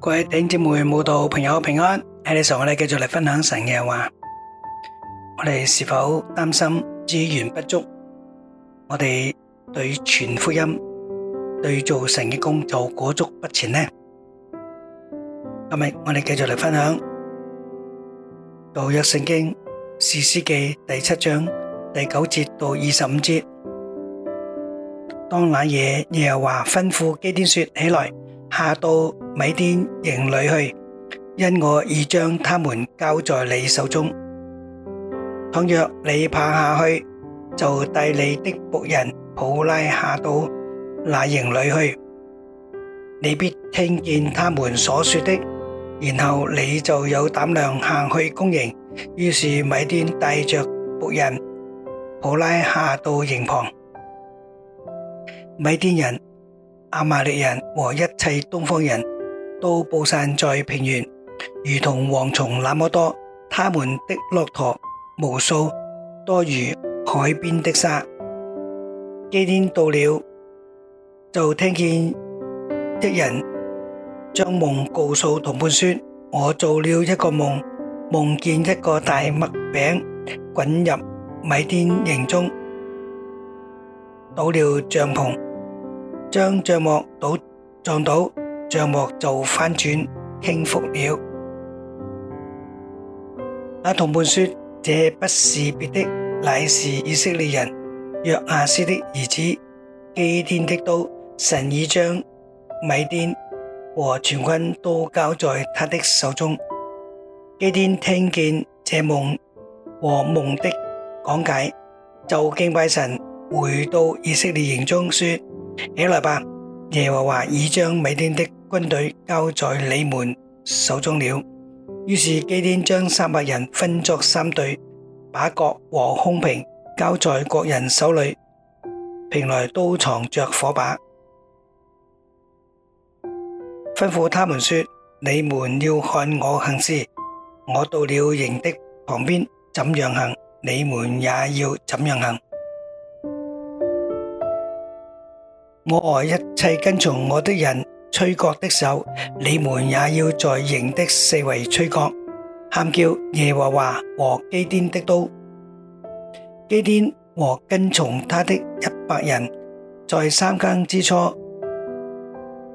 各位弟兄姊妹、舞蹈朋友平安，喺呢時候我哋繼續嚟分享神嘅話。我哋是否擔心資源不足？我哋對傳福音、對做神嘅工作裹足不前呢？今日我哋繼續嚟分享《道約聖經》士師記第七章第九節到二十五節。當那夜耶和華吩咐基甸說：起來。下到米甸營裏去，因我已將他們交在你手中。倘若你怕下去，就帶你的僕人普拉下到那營裏去。你必聽見他們所說的，然後你就有膽量行去攻營，於是米甸帶着僕人普拉下到營旁。米甸人亞瑪力人和一切東方人都布散在平原，如同蝗蟲那麼多。他們的駱駝無數，多如海邊的沙。基甸到了，就聽見一人將夢告訴同伴說：我做了一個夢，夢見一個大麥餅滾入米甸營中，倒了帳篷。將帳幕倒撞倒，帳幕就翻轉傾覆了。阿、啊、同伴說：這不是別的，乃是以色列人約亞斯的兒子基甸的刀。神已將米甸和全軍都交在他的手中。基甸聽見這夢和夢的講解，就敬拜神，回到以色列營中說。起來吧，耶和華已將米甸的軍隊交在你們手中了。於是基甸將三百人分作三隊，把角和空瓶交在各人手裏，瓶內都藏着火把，吩咐他們說：你們要看我行事，我到了營的旁邊怎樣行，你們也要怎樣行。.我和一切跟從我的人，吹角的時候，你們也要在營的四圍吹角，喊叫耶和華和基甸的刀。基甸和跟從他的一百人在三更之初，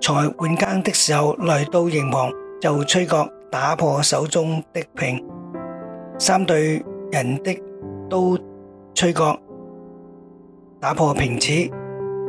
才換更的時候來到營旁，就吹角，打破手中的瓶，三隊人的都吹角，打破瓶子。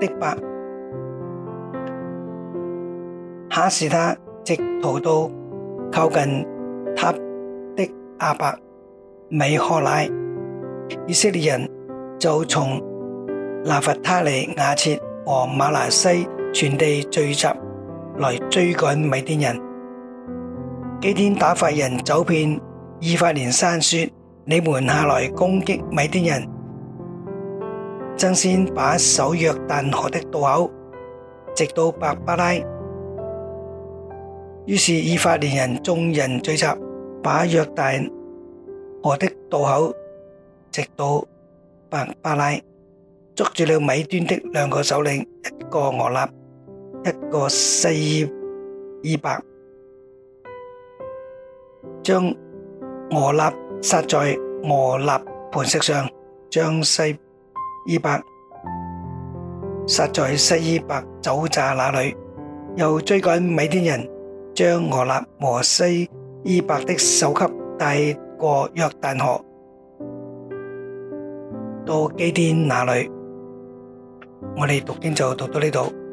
的伯，哈示他直逃到靠近塔的阿伯米何拉，以色列人就從拿弗他利亞切和瑪拿西全地聚集來追趕米甸人，基甸打發人走遍以法蓮山說：你們下來攻擊米甸人。爭先把守約旦河的渡口，直到伯巴拉。於是以法蓮人眾人聚集，把約旦河的渡口直到伯巴拉，捉住了米甸的兩個首領，一個俄立，一個西伊伯，將俄立殺在俄立磐石上，將西伊伯殺在西伊伯酒炸那裏，又追趕米甸人，將俄立和西伊伯的首級帶過約旦河到基甸那裏。我哋讀經就讀到呢度。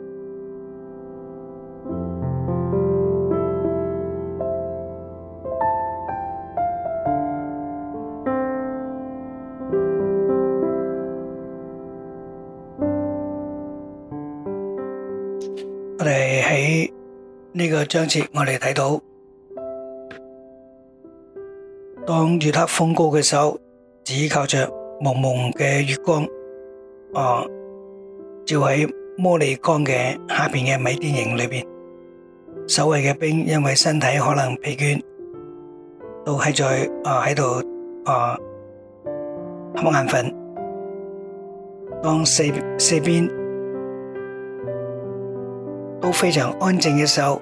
這節，我哋睇到，當月黑風高嘅時候，只靠着蒙蒙嘅月光，啊，照喺摩利岡嘅下邊嘅米甸營裏邊，守衛嘅兵因為身體可能疲倦，都係在啊喺度啊瞌眼瞓。當四四邊都非常安靜嘅時候。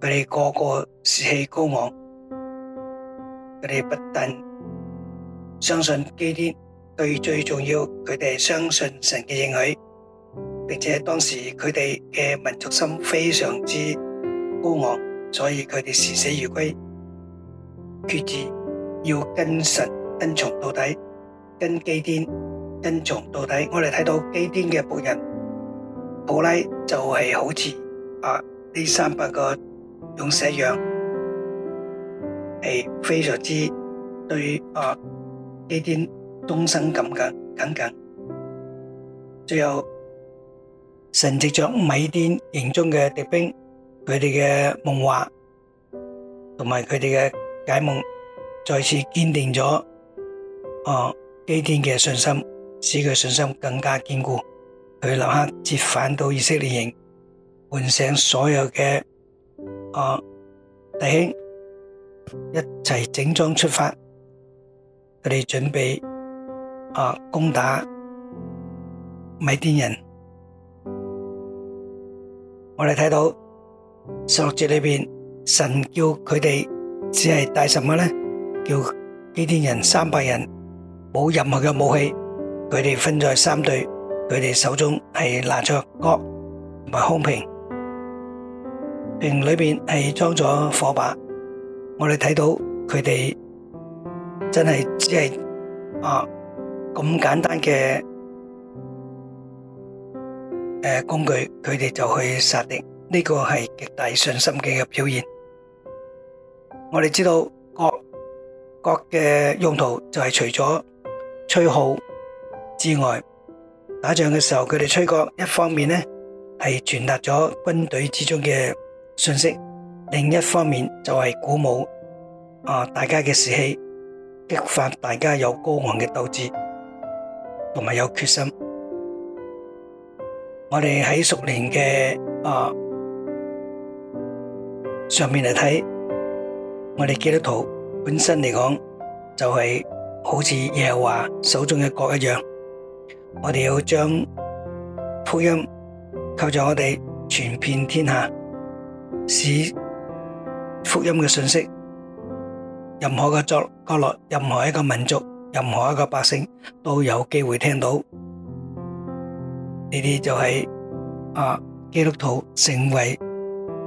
佢哋個個士氣高昂，佢哋不但相信基甸，對，最重要，佢哋相信神嘅應許，並且當時佢哋嘅民族心非常之高昂，所以佢哋視死如歸，決志要跟神跟從到底，跟基甸跟從到底。我哋睇到基甸嘅僕人普拉就係好似啊呢三百個。用舍養係非常之對啊！基甸終生緊緊緊緊，最後神藉着米甸營中嘅敵兵，佢哋嘅夢話同埋佢哋嘅解夢，再次堅定咗啊！基甸嘅信心，使佢信心更加堅固。佢立刻折返到以色列營，喚醒所有嘅。啊，弟兄一齊整裝出發，佢哋準備啊攻打米甸人。我哋睇到十六節裏邊，神叫佢哋只係帶什麼咧？叫基甸人三百人，冇任何嘅武器，佢哋分在三隊，佢哋手中係拿着角同埋空瓶，瓶裏邊係裝咗火把，我哋睇到佢哋真係只係啊咁簡單嘅誒工具，佢哋就去殺敵，呢個係極大信心嘅嘅表現。我哋知道角角嘅用途就係除咗吹號之外，打仗嘅時候佢哋吹角，一方面咧係傳達咗軍隊之中嘅。信息，另一方面就係鼓舞啊大家嘅士氣，激發大家有高昂嘅鬥志，同埋有決心。我哋喺熟練嘅啊上面嚟睇，我哋基督徒本身嚟講，就係好似耶和華手中嘅角一樣，我哋要將福音靠著我哋，傳遍天下。使福音嘅信息，任何嘅作角落，任何一個民族，任何一個百姓，都有機會聽到。呢啲就係、是、啊，基督徒成為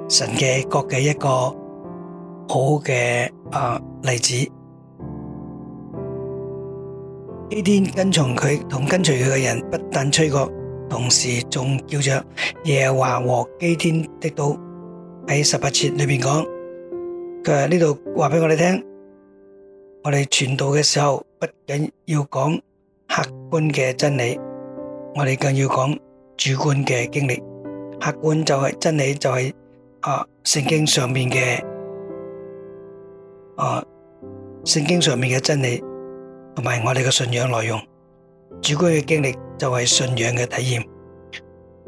神嘅國嘅一個好嘅啊例子。基甸跟從佢同跟隨佢嘅人，不但吹角，同時仲叫着耶和華和基甸的刀。喺十八節裏邊講，佢話呢度話畀我哋聽，我哋傳道嘅時候，不僅要講客觀嘅真理，我哋更要講主觀嘅經歷。客觀就係真理，就係啊聖經上面嘅啊聖經上面嘅真理，同埋我哋嘅信仰內容。主觀嘅經歷就係信仰嘅體驗。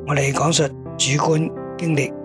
我哋講述主觀經歷。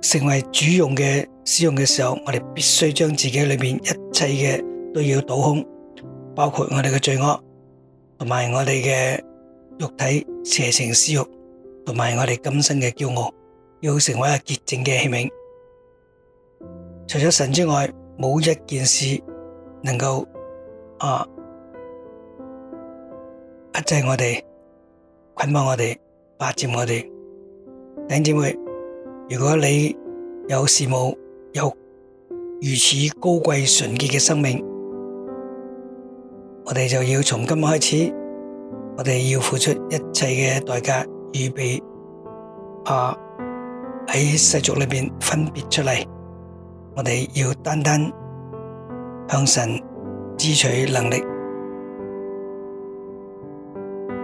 成為主用嘅使用嘅時候，我哋必須將自己裏面一切嘅都要倒空，包括我哋嘅罪惡，同埋我哋嘅肉體邪情私欲，同埋我哋今生嘅驕傲，要成為一個潔淨嘅器皿。除咗神之外，冇一件事能夠啊啊、壓制我哋、捆綁我哋、霸佔我哋。弟兄姊妹，如果你有羨慕有如此高貴純潔嘅生命，我哋就要從今日開始，我哋要付出一切嘅代價，預備啊，喺世俗裏面分別出嚟。我哋要單單向神支取能力，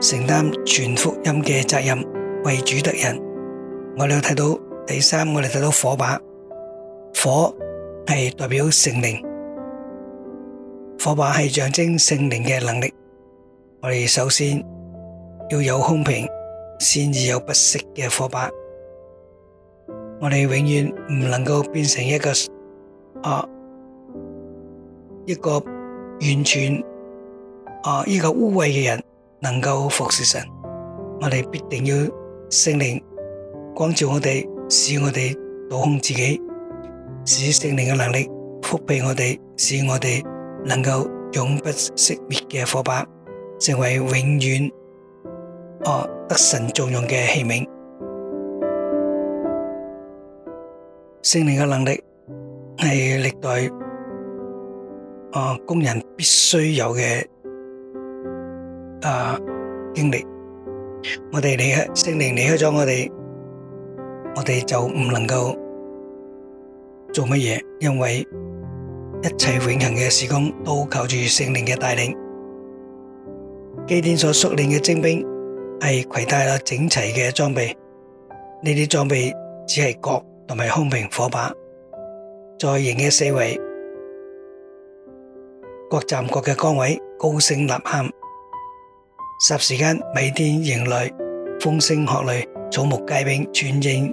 承擔傳福音嘅責任，為主得人。我哋要睇到。第三，我哋睇到火把，火係代表聖靈，火把係象徵聖靈嘅能力。我哋首先要有空瓶，先至有不熄嘅火把。我哋永遠唔能夠變成一個啊一個完全啊依個污穢嘅人，能夠服侍神。我哋必定要聖靈光照我哋。使我哋躲控自己，使聖靈嘅能力覆庇我哋，使我哋能夠永不熄滅嘅火把，成為永遠，哦，得神重用嘅器皿。聖靈嘅能力係歷代，哦，工人必須有嘅，啊，經歷。我哋離開，聖靈離開咗我哋。我哋就唔能夠做乜嘢，因為一切永恒嘅時光都靠住聖靈嘅帶領。基甸所訓練嘅精兵係攜帶啦整齊嘅裝備，呢啲裝備只係角同埋空瓶火把。在營嘅四圍，各站各嘅崗位，高聲吶喊，霎時間，美甸營內風聲鶴唳，草木皆兵，全營。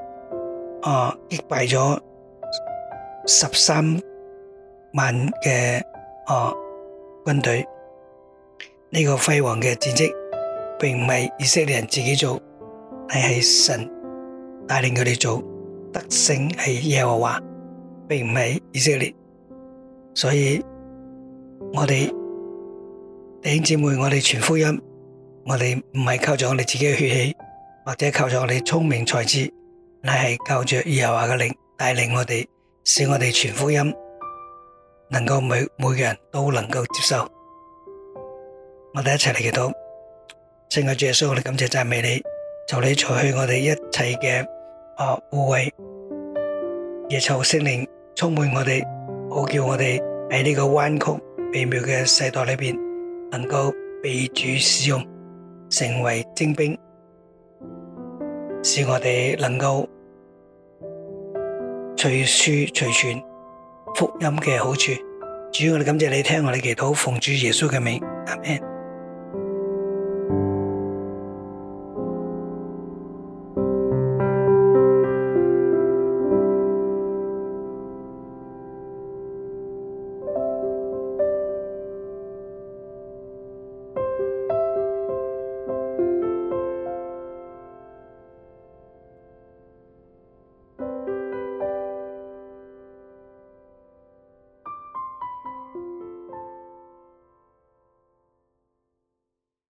啊！擊、uh, 敗咗十三萬嘅啊、uh, 軍隊，呢、這個輝煌嘅戰績並唔係以色列人自己做，而係神帶領佢哋做，得勝係耶和華，並唔係以色列。所以我哋弟兄姊妹，我哋傳福音，我哋唔係靠咗我哋自己嘅血氣，或者靠咗我哋聰明才智。你係靠着耶和華嘅力帶領我哋，使我哋傳福音，能夠每每個人都能夠接受。我哋一齊嚟祈禱，親愛嘅主耶穌，我哋感謝讚美你，求你除去我哋一切嘅啊污穢、耶穌嘅、聖靈，充滿我哋，好叫我哋喺呢個彎曲微妙嘅世代裏邊，能夠被主使用，成為精兵。使我哋能夠隨書隨傳福音嘅好處。主，我哋感謝你聽我哋祈禱，奉主耶穌嘅名，阿門。